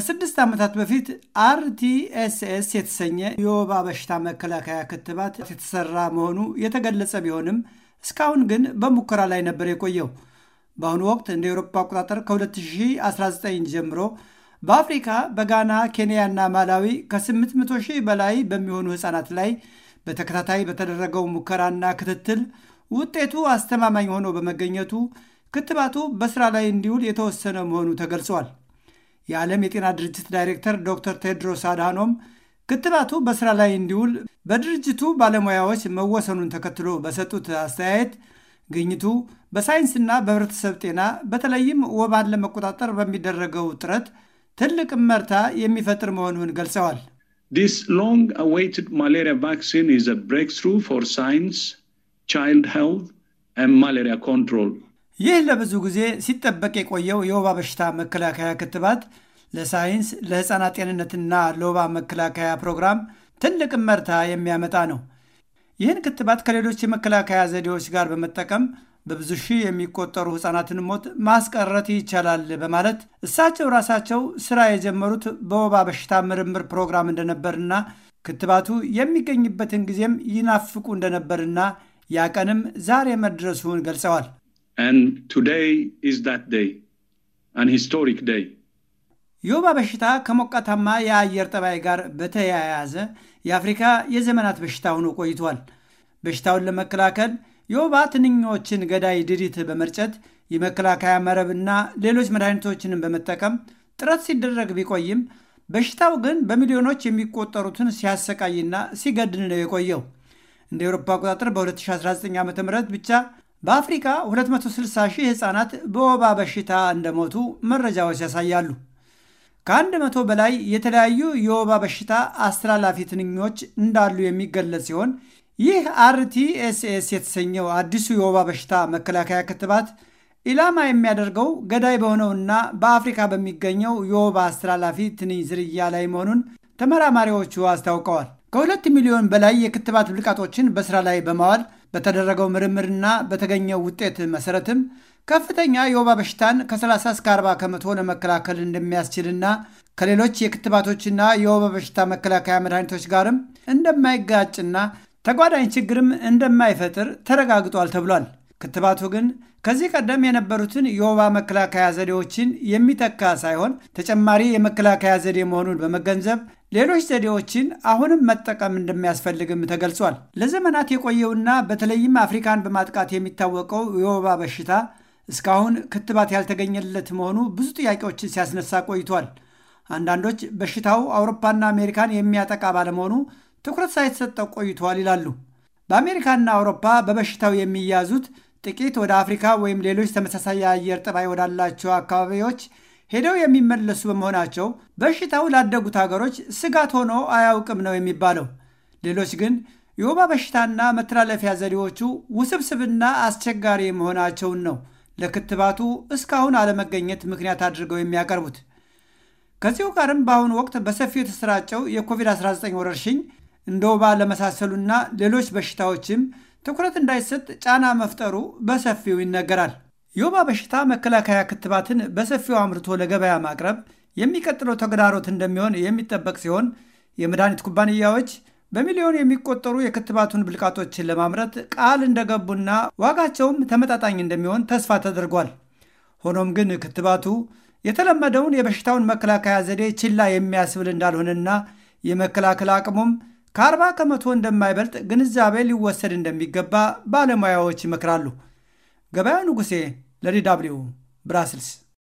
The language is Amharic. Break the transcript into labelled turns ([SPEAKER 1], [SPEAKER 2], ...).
[SPEAKER 1] ከስድስት ዓመታት በፊት አርቲኤስኤስ የተሰኘ የወባ በሽታ መከላከያ ክትባት የተሰራ መሆኑ የተገለጸ ቢሆንም እስካሁን ግን በሙከራ ላይ ነበር የቆየው። በአሁኑ ወቅት እንደ ኤሮፓ አቆጣጠር ከ2019 ጀምሮ በአፍሪካ በጋና ኬንያና ማላዊ ከ800 ሺህ በላይ በሚሆኑ ሕፃናት ላይ በተከታታይ በተደረገው ሙከራና ክትትል ውጤቱ አስተማማኝ ሆኖ በመገኘቱ ክትባቱ በስራ ላይ እንዲውል የተወሰነ መሆኑ ተገልጿል። የዓለም የጤና ድርጅት ዳይሬክተር ዶክተር ቴድሮስ አድሃኖም ክትባቱ በስራ ላይ እንዲውል በድርጅቱ ባለሙያዎች መወሰኑን ተከትሎ በሰጡት አስተያየት ግኝቱ በሳይንስና በህብረተሰብ ጤና በተለይም ወባን ለመቆጣጠር በሚደረገው ጥረት ትልቅ መርታ የሚፈጥር መሆኑን ገልጸዋል። ዲስ ሎንግ አዌይትድ ቫክሲን ኢዝ ኤ ብሬክትሩ ፎር ሳይንስ ቻይልድ ሄልዝ ኮንትሮል ይህ ለብዙ ጊዜ ሲጠበቅ የቆየው የወባ በሽታ መከላከያ ክትባት ለሳይንስ ለሕፃናት ጤንነትና ለወባ መከላከያ ፕሮግራም ትልቅ መርታ የሚያመጣ ነው። ይህን ክትባት ከሌሎች የመከላከያ ዘዴዎች ጋር በመጠቀም በብዙ ሺህ የሚቆጠሩ ሕፃናትን ሞት ማስቀረት ይቻላል በማለት እሳቸው ራሳቸው ስራ የጀመሩት በወባ በሽታ ምርምር ፕሮግራም እንደነበርና ክትባቱ የሚገኝበትን ጊዜም ይናፍቁ እንደነበርና ያቀንም ዛሬ መድረሱን ገልጸዋል። የወባ በሽታ ከሞቃታማ የአየር ጠባይ ጋር በተያያዘ የአፍሪካ የዘመናት በሽታ ሆኖ ቆይቷል። በሽታውን ለመከላከል የወባ ትንኞችን ገዳይ ድሪት በመርጨት የመከላከያ መረብና ሌሎች መድኃኒቶችንም በመጠቀም ጥረት ሲደረግ ቢቆይም በሽታው ግን በሚሊዮኖች የሚቆጠሩትን ሲያሰቃይና ሲገድል ነው የቆየው። እንደ አውሮፓ አቆጣጠር በ2019 ዓ ም ብቻ በአፍሪካ 260 ሺህ ሕፃናት በወባ በሽታ እንደሞቱ መረጃዎች ያሳያሉ። ከአንድ መቶ በላይ የተለያዩ የወባ በሽታ አስተላላፊ ትንኞች እንዳሉ የሚገለጽ ሲሆን ይህ አርቲኤስኤስ የተሰኘው አዲሱ የወባ በሽታ መከላከያ ክትባት ኢላማ የሚያደርገው ገዳይ በሆነውና በአፍሪካ በሚገኘው የወባ አስተላላፊ ትንኝ ዝርያ ላይ መሆኑን ተመራማሪዎቹ አስታውቀዋል። ከሁለት ሚሊዮን በላይ የክትባት ብልቃጦችን በስራ ላይ በማዋል በተደረገው ምርምርና በተገኘው ውጤት መሰረትም ከፍተኛ የወባ በሽታን ከ30 እስከ 40 ከመቶ ለመከላከል እንደሚያስችልና ከሌሎች የክትባቶችና የወባ በሽታ መከላከያ መድኃኒቶች ጋርም እንደማይጋጭና ተጓዳኝ ችግርም እንደማይፈጥር ተረጋግጧል ተብሏል። ክትባቱ ግን ከዚህ ቀደም የነበሩትን የወባ መከላከያ ዘዴዎችን የሚተካ ሳይሆን ተጨማሪ የመከላከያ ዘዴ መሆኑን በመገንዘብ ሌሎች ዘዴዎችን አሁንም መጠቀም እንደሚያስፈልግም ተገልጿል። ለዘመናት የቆየውና በተለይም አፍሪካን በማጥቃት የሚታወቀው የወባ በሽታ እስካሁን ክትባት ያልተገኘለት መሆኑ ብዙ ጥያቄዎችን ሲያስነሳ ቆይቷል። አንዳንዶች በሽታው አውሮፓና አሜሪካን የሚያጠቃ ባለመሆኑ ትኩረት ሳይሰጠው ቆይቷል ይላሉ። በአሜሪካና አውሮፓ በበሽታው የሚያዙት ጥቂት ወደ አፍሪካ ወይም ሌሎች ተመሳሳይ የአየር ጠባይ ወዳላቸው አካባቢዎች ሄደው የሚመለሱ በመሆናቸው በሽታው ላደጉት ሀገሮች ስጋት ሆኖ አያውቅም ነው የሚባለው። ሌሎች ግን የወባ በሽታና መተላለፊያ ዘዴዎቹ ውስብስብና አስቸጋሪ መሆናቸውን ነው ለክትባቱ እስካሁን አለመገኘት ምክንያት አድርገው የሚያቀርቡት። ከዚሁ ጋርም በአሁኑ ወቅት በሰፊው የተሰራጨው የኮቪድ-19 ወረርሽኝ እንደ ወባ ለመሳሰሉና ሌሎች በሽታዎችም ትኩረት እንዳይሰጥ ጫና መፍጠሩ በሰፊው ይነገራል። የወባ በሽታ መከላከያ ክትባትን በሰፊው አምርቶ ለገበያ ማቅረብ የሚቀጥለው ተግዳሮት እንደሚሆን የሚጠበቅ ሲሆን የመድኃኒት ኩባንያዎች በሚሊዮን የሚቆጠሩ የክትባቱን ብልቃጦችን ለማምረት ቃል እንደገቡና ዋጋቸውም ተመጣጣኝ እንደሚሆን ተስፋ ተደርጓል። ሆኖም ግን ክትባቱ የተለመደውን የበሽታውን መከላከያ ዘዴ ችላ የሚያስብል እንዳልሆነና የመከላከል አቅሙም ከአርባ ከመቶ እንደማይበልጥ ግንዛቤ ሊወሰድ እንደሚገባ ባለሙያዎች ይመክራሉ። ገበያው ንጉሴ ለዲ ደብልዩ ብራስልስ